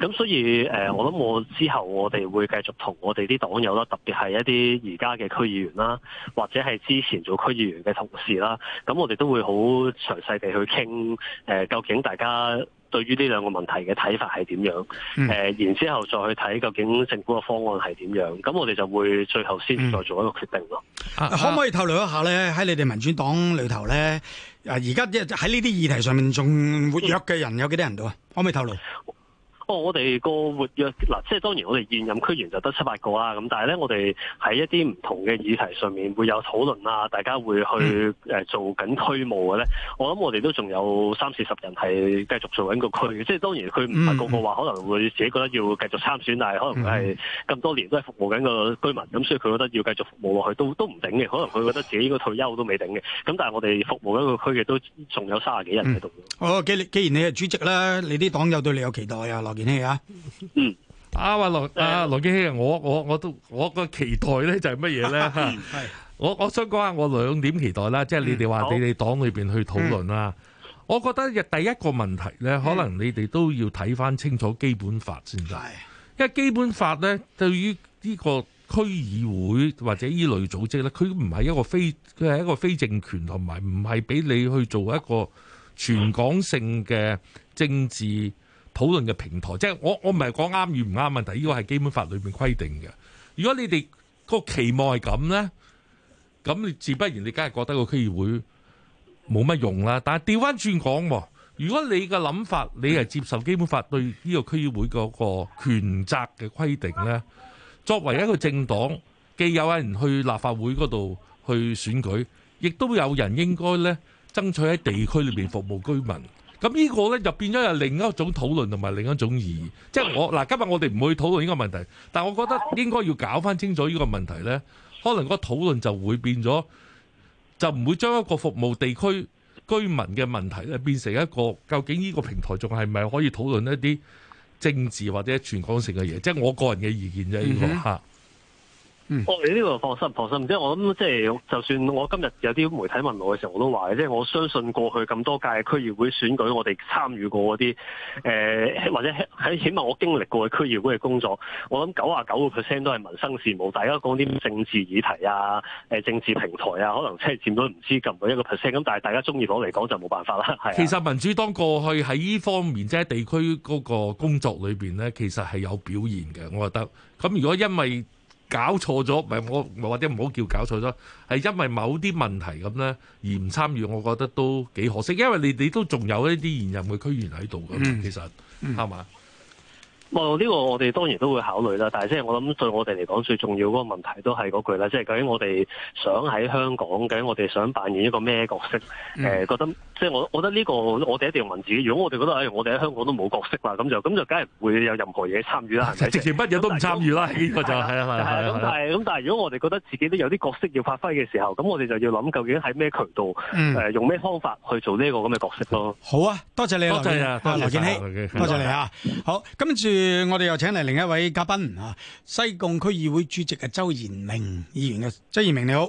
咁所以誒，我諗我之後我哋會繼續同我哋啲黨友啦，特別係一啲而家嘅區議員啦，或者係之前做區議員嘅同事啦，咁我哋都會好詳細地去傾誒究竟大家。對於呢兩個問題嘅睇法係點樣？誒、嗯，然之後再去睇究竟政府嘅方案係點樣？咁我哋就會最後先再做一個決定咯、嗯啊啊。可唔可以透露一下呢？喺你哋民主黨裏頭呢，而家喺呢啲議題上面仲活躍嘅人有幾多人到啊、嗯？可唔可以透露？哦，我哋個活躍嗱，即係當然我哋現任區員就得七八個啊，咁但係咧，我哋喺一啲唔同嘅議題上面會有討論啊，大家會去誒做緊區務嘅咧、嗯。我諗我哋都仲有三四十人係繼續做緊個區嘅，即、嗯、係當然佢唔係個個話可能會自己覺得要繼續參選，但係可能係咁多年都係服務緊個居民，咁所以佢覺得要繼續服務落去都都唔頂嘅，可能佢覺得自己應該退休都未頂嘅。咁但係我哋服務緊個區嘅都仲有三十幾人喺度、嗯。哦，既然你係主席啦，你啲黨友對你有期待啊？建 熙啊，啊話羅啊羅建熙，我我我都我個期待咧就係乜嘢咧？係 我我想講下我兩點期待啦，即係你哋話你哋黨裏邊去討論啦。我覺得嘅第一個問題咧，可能你哋都要睇翻清楚基本法先得。係、嗯，因為基本法咧，對於呢個區議會或者呢類組織咧，佢唔係一個非，佢係一個非政權，同埋唔係俾你去做一個全港性嘅政治。嗯討論嘅平台，即係我我唔係講啱與唔啱問題，呢個係基本法裏面規定嘅。如果你哋個期望係咁咧，咁你自不然你梗係覺得這個區議會冇乜用啦。但係調翻轉講，如果你嘅諗法，你係接受基本法對呢個區議會嗰個權責嘅規定咧，作為一個政黨，既有人去立法會嗰度去選舉，亦都有人應該咧爭取喺地區裏面服務居民。咁呢個呢，就變咗係另一種討論同埋另一種意義，即係我嗱，今日我哋唔會討論呢個問題，但我覺得應該要搞翻清楚呢個問題呢。可能個討論就會變咗，就唔會將一個服務地區居民嘅問題咧變成一個究竟呢個平台仲係咪可以討論一啲政治或者全港性嘅嘢？即係我個人嘅意見啫，呢個吓。我哋呢度放心，放心。即係我諗，即係就算我今日有啲媒體問我嘅時候，我都話即係我相信過去咁多屆的區議會選舉，我哋參與過嗰啲誒，或者喺起碼我經歷過嘅區議會嘅工作，我諗九啊九個 percent 都係民生事務。大家講啲政治議題啊，誒政治平台啊，可能即係佔到唔知咁多一個 percent。咁但係大家中意攞嚟講就冇辦法啦。係其實民主黨過去喺呢方面即係地區嗰個工作裏邊咧，其實係有表現嘅，我覺得。咁如果因為搞錯咗唔係我，或者唔好叫搞錯咗，係因為某啲問題咁咧而唔參與，我覺得都幾可惜，因為你你都仲有一啲現任嘅區議員喺度咁，其實係嘛？嗯呢、這個，我哋當然都會考慮啦。但係即係我諗對我哋嚟講最重要嗰個問題都係嗰句啦，即、就、係、是、究竟我哋想喺香港，究竟我哋想扮演一個咩角色？誒、嗯，覺得即係我，就是、我覺得呢、這個我哋一定要問自己。如果我哋覺得、哎、我哋喺香港都冇角色啦，咁就咁就梗係唔會有任何嘢參與啦，直情乜嘢都唔參與啦。呢、嗯這個就係啦。咁、啊啊啊啊啊啊啊啊啊、但係、啊，如果我哋覺得自己都有啲角色要發揮嘅時候，咁我哋就要諗究竟喺咩渠道，嗯、用咩方法去做呢個個咁嘅角色咯。好、嗯、啊，多謝你啊，羅健熙，多謝你啊！好，跟住。我哋又請嚟另一位嘉賓、啊，西貢區議會主席啊周賢明議員嘅，周賢明你好，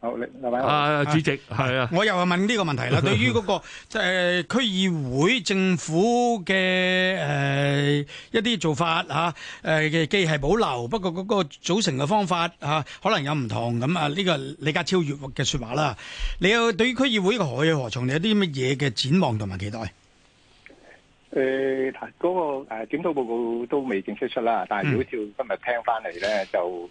好、啊，係咪啊，主席係啊，啊，我又問呢個問題啦， 對於嗰、那個即係區議會政府嘅誒、呃、一啲做法吓，誒、啊、既係保留，不過嗰個組成嘅方法吓、啊，可能有唔同，咁啊呢、這個李家超越嘅說話啦，你有對於區議會何去何從，你有啲乜嘢嘅展望同埋期待？誒、呃，嗰、那個誒檢討報告都未正式出啦，但係如果照今日聽翻嚟咧，就誒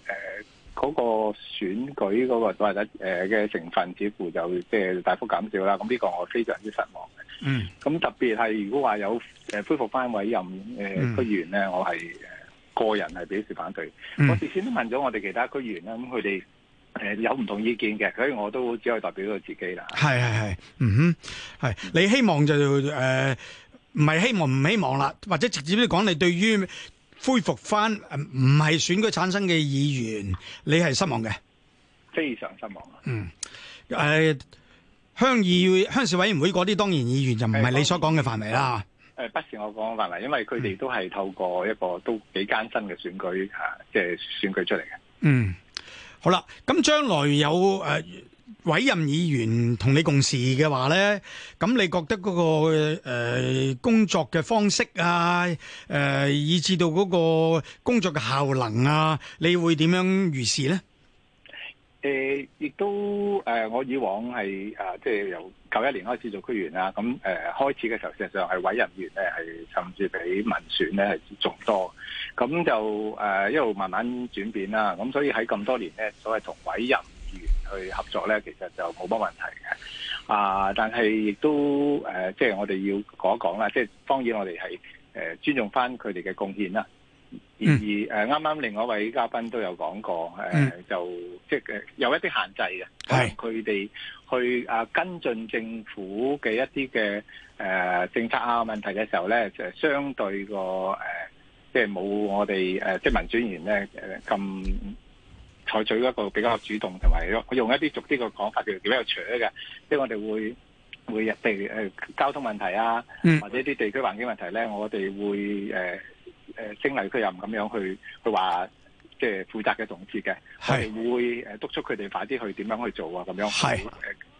嗰、呃那個選舉嗰、那個或者誒嘅、呃、成分，似乎就即係大幅減少啦。咁呢個我非常之失望嘅。嗯，咁特別係如果話有誒、呃、恢復翻委任誒、區、呃嗯、議員咧，我係誒個人係表示反對。嗯、我事先都問咗我哋其他區議員啦，咁佢哋誒有唔同意見嘅，所以我都只可以代表到自己啦。係係係，嗯，係你希望就誒。呃唔係希望，唔希望啦，或者直接啲講，你對於恢復翻唔係選舉產生嘅議員，你係失望嘅，非常失望。嗯，誒、呃嗯，鄉議鄉事委員會嗰啲當然議員就唔係你所講嘅範圍啦。誒、嗯，不是我講嘅範圍，因為佢哋都係透過一個都幾艱辛嘅選舉嚇，即、啊、係、就是、選舉出嚟嘅。嗯，好啦，咁將來有誒。呃委任議員同你共事嘅話咧，咁你覺得嗰、那個、呃、工作嘅方式啊，呃、以至到嗰個工作嘅效能啊，你會點樣預視咧？亦、呃、都、呃、我以往係、呃、即係由九一年開始做區員啦。咁誒、呃，開始嘅時候，事實上係委任員咧，係甚至比民選咧係仲多。咁就、呃、一路慢慢轉變啦。咁所以喺咁多年咧，所謂同委任。去合作咧，其實就冇乜問題嘅。啊，但係亦都誒、呃，即係我哋要講一講啦。即係當然我們是，我哋係誒尊重翻佢哋嘅貢獻啦。而誒，啱、嗯、啱另外一位嘉賓都有講過，誒、呃，嗯、就即係有一啲限制嘅，係佢哋去啊跟進政府嘅一啲嘅誒政策啊問題嘅時候咧，就係相對個誒、呃，即係冇我哋誒職民專員咧，誒咁。採取一個比較主動同埋，我用一啲俗啲嘅講法，叫比較鋤嘅。即係我哋會入地、呃、交通問題啊，或者啲地區環境問題咧，我哋會升嚟佢又唔咁樣去去話，即係負責嘅同志嘅，我哋會、呃、督促佢哋快啲去點樣去做啊，咁樣係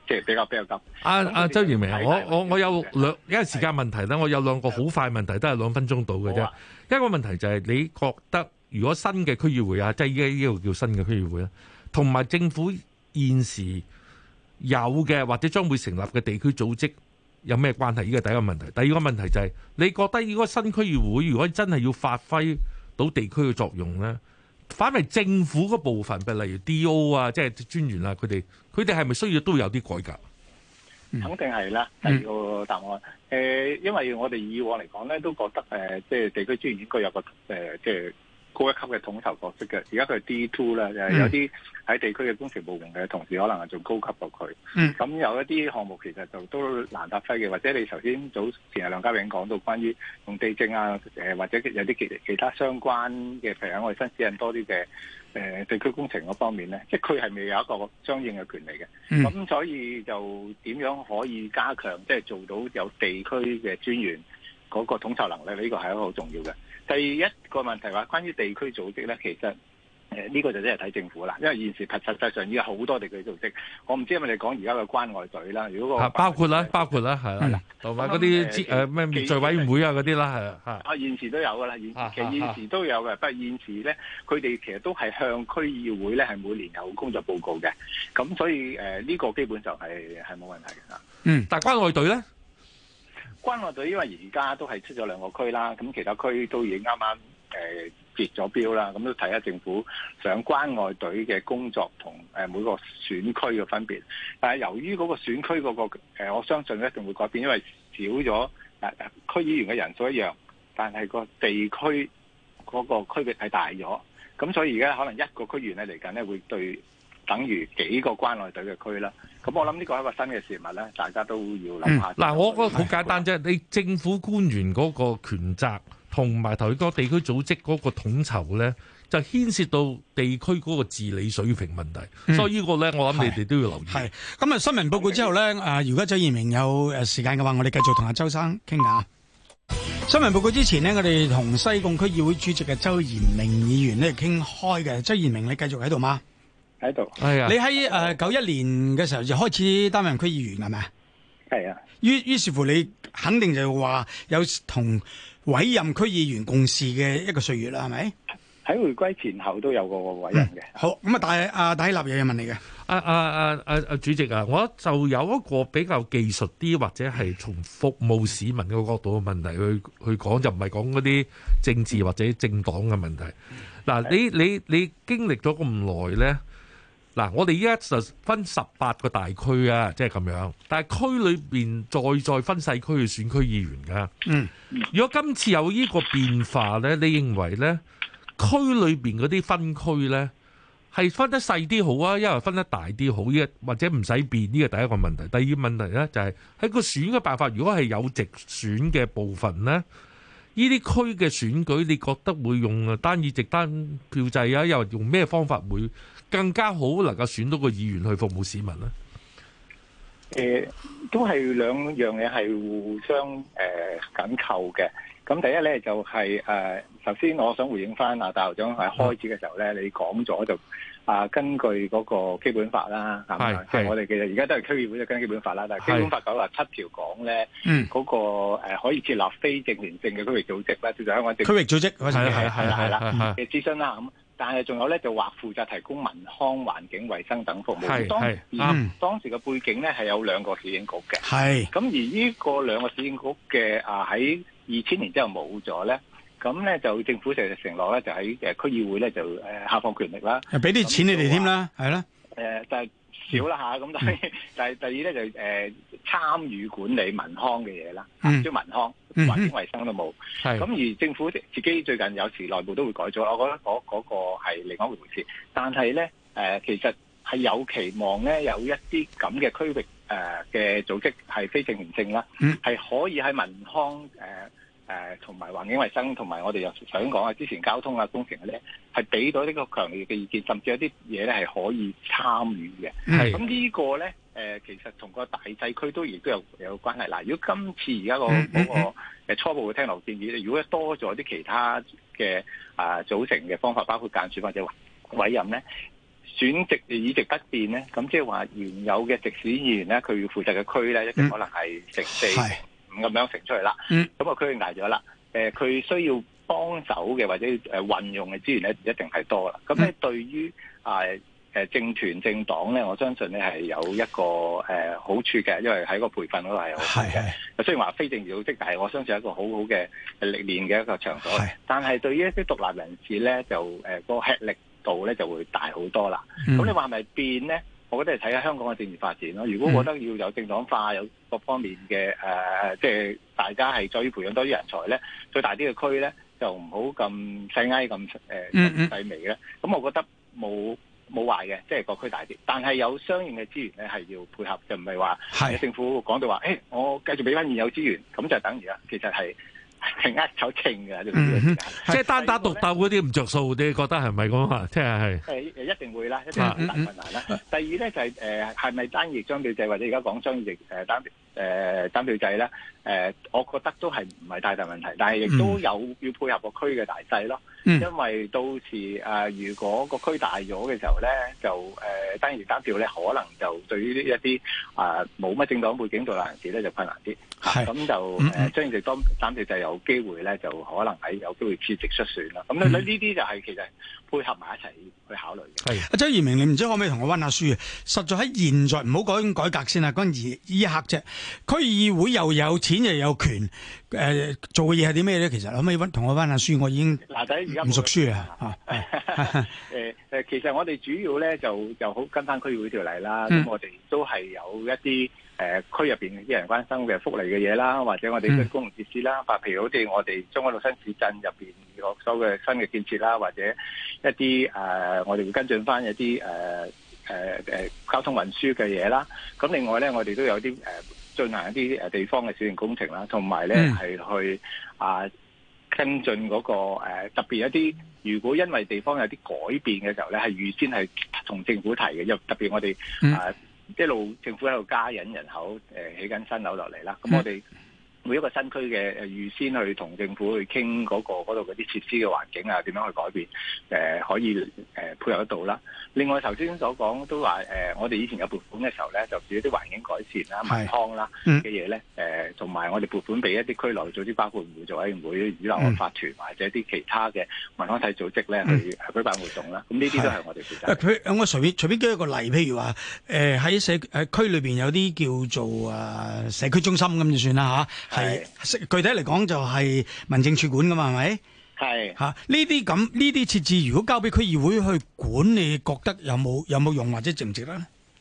即係比較比較急。阿、啊啊啊、周賢明，我我我有兩，因為時間問題咧，我有兩個好快問題，都係兩分鐘到嘅啫。一個問題就係你覺得。如果新嘅區議會啊，即係依個叫新嘅區議會咧，同埋政府現時有嘅或者將會成立嘅地區組織有咩關係？呢個第一個問題，第二個問題就係，你覺得如果新區議會如果真係要發揮到地區嘅作用咧，反為政府嗰部分，譬如例如 D.O. 啊，即係專員啊，佢哋佢哋係咪需要都有啲改革？肯定係啦，嗯，第二個答案。誒，因為我哋以往嚟講咧，都覺得誒，即係，地區專員應該有個誒，即係高一級嘅統籌角色嘅，而家佢係 D2 啦、mm.，就係有啲喺地區嘅工程部門嘅同事，可能係仲高級過佢。咁有一啲項目其實就都難發揮嘅，或者你頭先早前阿梁家永講到關於用地政啊，誒或者有啲其其他相關嘅譬如我哋新市鎮多啲嘅誒地區工程嗰方面咧，即係佢係未有一個相應嘅權力嘅。咁、mm. 所以就點樣可以加強即係、就是、做到有地區嘅專員嗰個統籌能力呢？呢個係一個好重要嘅。第一個問題話，關於地區組織咧，其實誒呢個就真係睇政府啦，因為現時實際上有好多地區組織，我唔知係咪你講而家嘅關愛隊啦，如果包括啦，包括啦，係啦，同埋嗰啲誒咩聚委會啊嗰啲啦，係啊，現時都有噶啦，現、啊啊、其實現時都有嘅，不過現時咧，佢哋其實都係向區議會咧係每年有工作報告嘅，咁所以誒呢、呃這個基本就係係冇問題嘅。嗯，但關愛隊咧？關愛隊，因為而家都係出咗兩個區啦，咁其他區都已經啱啱誒截咗標啦，咁都睇下政府想關愛隊嘅工作同每個選區嘅分別。但係由於嗰個選區嗰、個誒我相信一定會改變，因為少咗誒誒區議員嘅人數一樣，但係個地區嗰、個區域係大咗，咁所以而家可能一個區議員咧嚟緊咧會對。等於幾個關內隊嘅區啦，咁我諗呢個係個新嘅事物咧，大家都要諗下。嗱、嗯，我覺得好簡單啫，你政府官員嗰個權責同埋頭先個地區組織嗰個統籌咧，就牽涉到地區嗰個治理水平問題，嗯、所以個呢個咧，我諗你哋都要留意。係咁啊！新聞報告之後咧，誒、呃，如果周賢明有誒時間嘅話，我哋繼續同阿周生傾下。新聞報告之前呢，我哋同西貢區議會主席嘅周賢明議員呢，傾開嘅。周賢明，你繼續喺度嗎？喺度、啊，你喺誒九一年嘅時候就開始擔任區議員係咪？係啊，於於是乎你肯定就話有同委任區議員共事嘅一個歲月啦，係咪？喺回歸前後都有個委任嘅，嗯。好，咁、呃、啊，大阿大立嘢要問你嘅，阿阿阿阿阿主席啊，我就有一個比較技術啲或者係從服務市民嘅角度嘅問題去去講，就唔係講嗰啲政治或者政黨嘅問題。嗱、啊、你、啊、你你，你經歷咗咁耐咧？嗱，我哋依家就分十八個大區啊，即係咁樣。但係區裏邊再再分細區去選區議員噶。嗯，如果今次有呢個變化呢，你認為呢區裏邊嗰啲分區呢係分得細啲好啊，一係分得大啲好嘅，或者唔使變？呢個第一個問題。第二個問題呢、就係，就係喺個選嘅辦法，如果係有直選嘅部分呢。呢啲區嘅選舉，你覺得會用單議席單票制啊？又用咩方法會更加好，能夠選到個議員去服務市民咧？誒，都係兩樣嘢係互相誒緊扣嘅。咁第一咧就係誒，首先我想回應返阿戴頭長喺開始嘅時候咧，你講咗就。啊，根據嗰個基本法啦，係咪？係我哋其實而家都係區議會都跟基本法啦，但係基本法九十七條講咧，嗰、嗯、個可以設立非政權性嘅區域組織啦，就係香港區域組織係啦係啦係啦嘅諮詢啦咁。但係仲有咧就話負責提供民康環境、衞生等服務。係，係啱。當時嘅背景咧係有兩個市政局嘅。係。咁而呢個兩個市政局嘅啊，喺二千年之後冇咗咧。咁咧就政府成日承諾咧，就喺誒區議會咧就下放權力啦，誒俾啲錢你哋添啦，係、呃、啦，誒但係少啦嚇，咁、嗯、但係第二咧就誒、是呃、參與管理民康嘅嘢啦，即、嗯、民康環境衞生都冇。咁、嗯嗯、而政府自己最近有時內部都會改咗，我覺得嗰、那、嗰個係、那個、另外一回事。但係咧誒其實係有期望咧，有一啲咁嘅區域誒嘅、呃、組織係非政府性啦，係、嗯、可以喺民康誒。呃誒同埋環境衛生，同埋我哋又想講啊，之前交通啊工程嗰係俾到呢個強烈嘅意見，甚至有啲嘢咧係可以參與嘅。咁、mm-hmm. 呢個咧、呃，其實同個大細區都亦都有有關係。嗱、啊，如果今次而家個嗰個初步嘅聽流建議，mm-hmm. 如果多咗啲其他嘅啊、呃、組成嘅方法，包括間選或者委任咧，選席議席不變咧，咁即係話原有嘅直選議員咧，佢要負責嘅區咧，一定可能係直四。咁樣成出嚟啦，咁啊佢捱咗啦。誒，佢需要幫手嘅或者誒運用嘅資源咧，一定係多啦。咁咧，對於啊誒、嗯呃、政團、政黨咧，我相信咧係有一個誒、呃、好處嘅，因為喺個培訓都係好嘅。雖然話非政府組織，但係我相信係一個很好好嘅歷練嘅一個場所。是但係對於一啲獨立人士咧，就誒個、呃、吃力度咧就會大好多啦。咁你話係咪變咧？我覺得係睇下香港嘅政治發展咯。如果我覺得要有政黨化、嗯，有各方面嘅誒，即、呃、係、就是、大家係再要培養多啲人才咧，最大啲嘅區咧，就唔好咁細埃咁誒細微咧。咁、呃嗯嗯、我覺得冇冇壞嘅，即係個區大啲，但係有相應嘅資源咧，係要配合，就唔係話政府講到話，誒、欸，我繼續俾翻現有資源，咁就等於啦，其實係。係呃走秤嘅，即、嗯、係、就是、單打獨鬥嗰啲唔着數啲，你覺得係咪咁啊？即係係誒，一定會啦，一定係大困難啦。啊、嗯嗯第二咧，就係、是、誒、係、呃、咪單議席單票制，或者而家講雙議席誒單？誒、呃、單票制咧，誒、呃、我覺得都係唔係太大問題，但係亦都有要配合個區嘅大細咯、嗯。因為到時誒、呃，如果個區大咗嘅時候咧，就誒、呃、單人單票咧，可能就對於一啲啊冇乜政黨背景嘅人士咧就困難啲。咁、啊、就誒，張敬當當單票制有機會咧，就可能喺有機會輸席出選啦。咁呢啲就係其實配合埋一齊去考慮嘅。阿、啊、周賢明，你唔知可唔可以同我温下書啊？實在喺現在唔好改改革先啦，嗰而依一刻啫。區議會又有錢又有權，誒、呃、做嘅嘢係啲咩咧？其實可唔可以溫同我溫下書？我已經嗱，睇而家唔熟書啊。誒誒，其實我哋主要咧就就好跟翻區議會條例啦。咁、嗯、我哋都係有一啲誒區入邊啲人關心嘅福利嘅嘢啦，或者我哋嘅公共設施啦。嗯、譬如好似我哋將軍澳新市鎮入邊落手嘅新嘅建設啦，或者一啲誒、呃、我哋會跟進翻一啲誒誒誒交通運輸嘅嘢啦。咁另外咧，我哋都有啲誒。呃進行一啲誒地方嘅小型工程啦，同埋咧係去啊跟進嗰、嗰個、啊、特別一啲，如果因為地方有啲改變嘅時候咧，係預先係同政府提嘅，又特別我哋啊、mm. 一路政府喺度加引人口，誒起緊新樓落嚟啦，咁我哋。Mm. 每一個新區嘅預先去同政府去傾嗰個嗰度嗰啲設施嘅環境啊，點樣去改變？誒可以誒配合得到啦。另外頭先所講都話誒，我哋以前有撥款嘅時候咧，就做一啲環境改善啦、民康啦嘅嘢咧。誒同埋我哋撥款俾一啲區內組織，甚至包括互助委員會、業主立案法團或者啲其他嘅民康體組織咧，去舉辦活動啦。咁呢啲都係我哋負責。誒，我隨便隨便舉一個例，譬如話誒喺社誒區裏邊有啲叫做啊社區中心咁就算啦嚇。係，具體嚟講就係民政處管噶嘛，係咪？係吓呢啲咁呢啲設置，如果交俾區議會去管理，覺得有冇有冇用或者值唔值咧？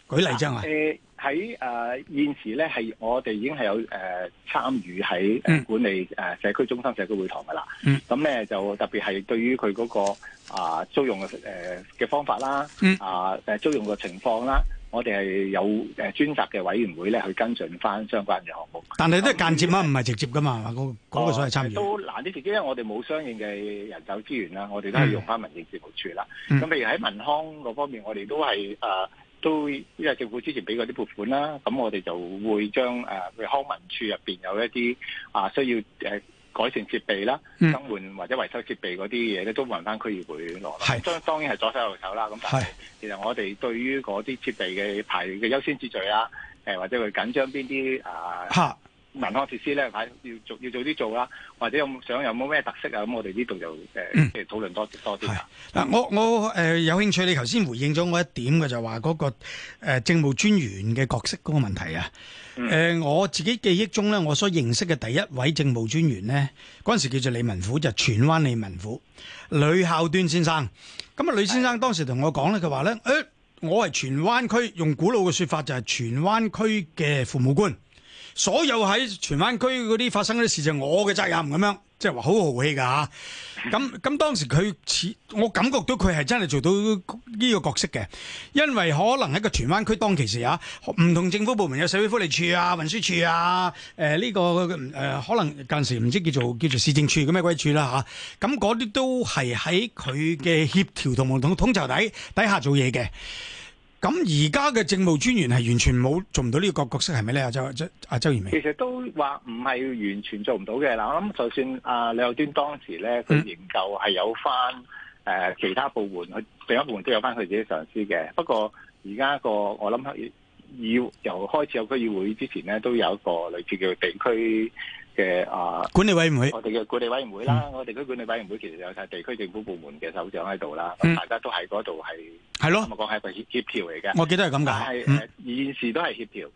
舉例啫嘛。誒、啊、喺、呃、誒、呃、現時咧，係我哋已經係有誒、呃、參與喺、嗯、管理誒、呃、社區中心、社區會堂噶啦。咁、嗯、咧就特別係對於佢嗰、那個啊、呃、租用誒嘅方法啦，啊、呃、誒租用嘅情況啦。嗯呃我哋係有誒專責嘅委員會咧，去跟進翻相關嘅項目。但係都係間接啊，唔、嗯、係直接㗎嘛。嗰、哦那個所謂參與都難，啲。自己咧，因為我哋冇相應嘅人手資源啦，我哋都係用翻民政事務處啦。咁、嗯、譬如喺民康嗰方面，我哋都係誒、啊、都因為政府之前俾嗰啲撥款啦，咁我哋就會將誒、啊、康民處入邊有一啲啊需要誒。啊改善設備啦，更換或者維修設備嗰啲嘢咧，都問翻區議會攞。係，將當然係左手右手啦。咁，但其實我哋對於嗰啲設備嘅排嘅優先秩序啦，誒或者佢緊張邊啲啊，民生設施咧，要早要做啲做啦，或者有冇想有冇咩特色啊？咁我哋呢度就誒即係討論多多啲啦。嗱，我我誒有興趣，你頭先回應咗我一點嘅就話嗰個誒政務專員嘅角色嗰個問題啊。誒、呃、我自己記憶中咧，我所認識嘅第一位政務專員咧，嗰陣時叫做李文虎，就是、荃灣李文虎，呂孝端先生。咁啊，呂先生當時同我講咧，佢話咧，誒、欸、我係荃灣區用古老嘅說法就係荃灣區嘅父母官。所有喺荃灣區嗰啲發生嗰啲事就我嘅責任咁樣，即係話好豪氣噶吓。咁咁當時佢似我感覺到佢係真係做到呢個角色嘅，因為可能喺個荃灣區當其時啊，唔同政府部門有社會福利處啊、運輸處啊、誒、呃、呢、這個誒、呃、可能近時唔知叫做叫做市政處咁咩鬼處啦、啊、吓。咁嗰啲都係喺佢嘅協調同埋同統籌底底下做嘢嘅。咁而家嘅政務專員係完全冇做唔到個局是是呢個角色，係咪咧？阿周阿周阿周賢明，其實都話唔係完全做唔到嘅。嗱，我諗就算阿、呃、李友端當時咧，佢研究係有翻誒、呃、其他部門，佢另一部門都有翻佢自己上司嘅。不過而家個我諗要由開始有區議會之前咧，都有一個類似叫地區。嘅啊，管理委員會，我哋嘅管理委員會啦、嗯，我哋區管理委員會其實有晒地區政府部門嘅首長喺度啦，咁、嗯、大家都喺嗰度係係咯，同埋講係一個協協調嚟嘅。我記得係咁解，係、嗯、現時都係協調，咁、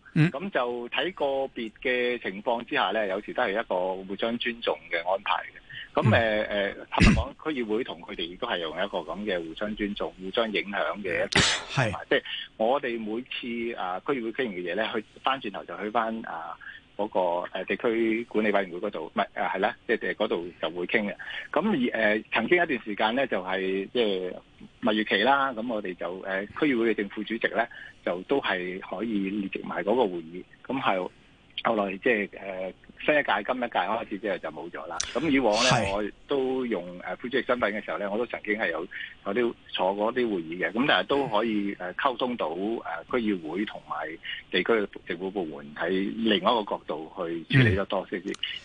嗯、就睇個別嘅情況之下咧，有時都係一個互相尊重嘅安排嘅，咁誒誒，琴日講，區、呃、議會同佢哋亦都係用一個咁嘅互相尊重、互相影響嘅一個，係即係我哋每次啊，區議會傾嘅嘢咧，去翻轉頭就去翻啊。嗰、那個地區管理委員會嗰度，唔係啊，係啦，即係嗰度就會傾嘅。咁而曾經一段時間咧，就係、是、即、就是、蜜月期啦。咁我哋就誒區議會嘅正副主席咧，就都係可以列席埋嗰個會議。咁後來即係、就是呃新一屆、今一屆開始之後就冇咗啦。咁以往咧，我都用誒副主席身份嘅時候咧，我都曾經係有嗰啲坐過啲會議嘅。咁但係都可以誒溝通到誒區議會同埋地區嘅政府部門喺另外一個角度去處理得多少少，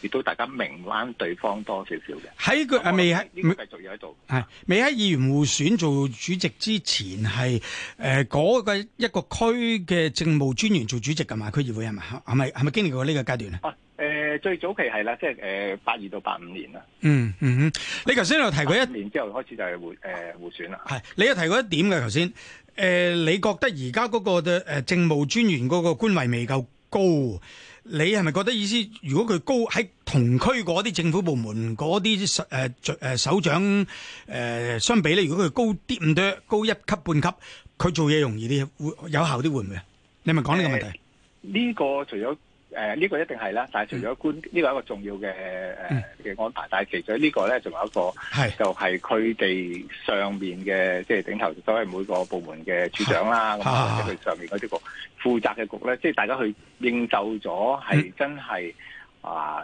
亦、嗯、都大家明攬對方多少少嘅。喺佢未喺未繼續有喺度係未喺議員互選做主席之前係誒嗰個一個區嘅政務專員做主席㗎嘛？區議會係咪係咪係咪經歷過呢個階段啊？最早期係啦，即係誒八二到八五年啦。嗯嗯，你頭先又提過一年之後開始就係互誒互選啦。係，你又提過一點嘅頭先。誒、呃，你覺得而家嗰個誒、呃、政務專員嗰個官位未夠高？你係咪覺得意思？如果佢高喺同區嗰啲政府部門嗰啲實誒首長誒、呃、相比咧，如果佢高啲咁多，高一級半級，佢做嘢容易啲，會有效啲會唔會啊？你係咪講呢個問題？呢、呃呢個除咗。誒、呃，呢、這個一定係啦，但係除咗官，呢、嗯這個一個重要嘅誒嘅安排，但係其實呢個咧，仲有一個就係佢哋上面嘅，即、就、係、是、頂頭所謂每個部門嘅處長啦，咁啊，即佢上面嗰啲部負責嘅局咧，即、就、係、是、大家去應就咗，係真係啊，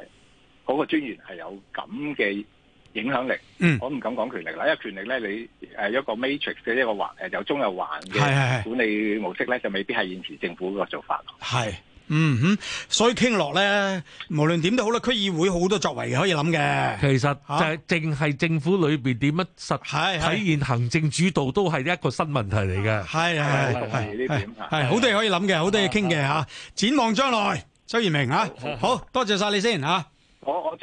嗰、那個專員係有咁嘅影響力。嗯、我唔敢講權力啦，因為權力咧，你誒、呃、一個 matrix 嘅一個環，有中有環嘅管理模式咧，就未必係現時政府嗰個做法。係、嗯。嗯哼，所以傾落咧，無論點都好啦，區議會好多作為可以諗嘅。其實就係淨係政府裏面點乜實體現行政主導都係一個新問題嚟嘅。係係好多嘢可以諗嘅，好多嘢傾嘅。展望將來，周賢明啊，是是是好多謝晒你先我我。我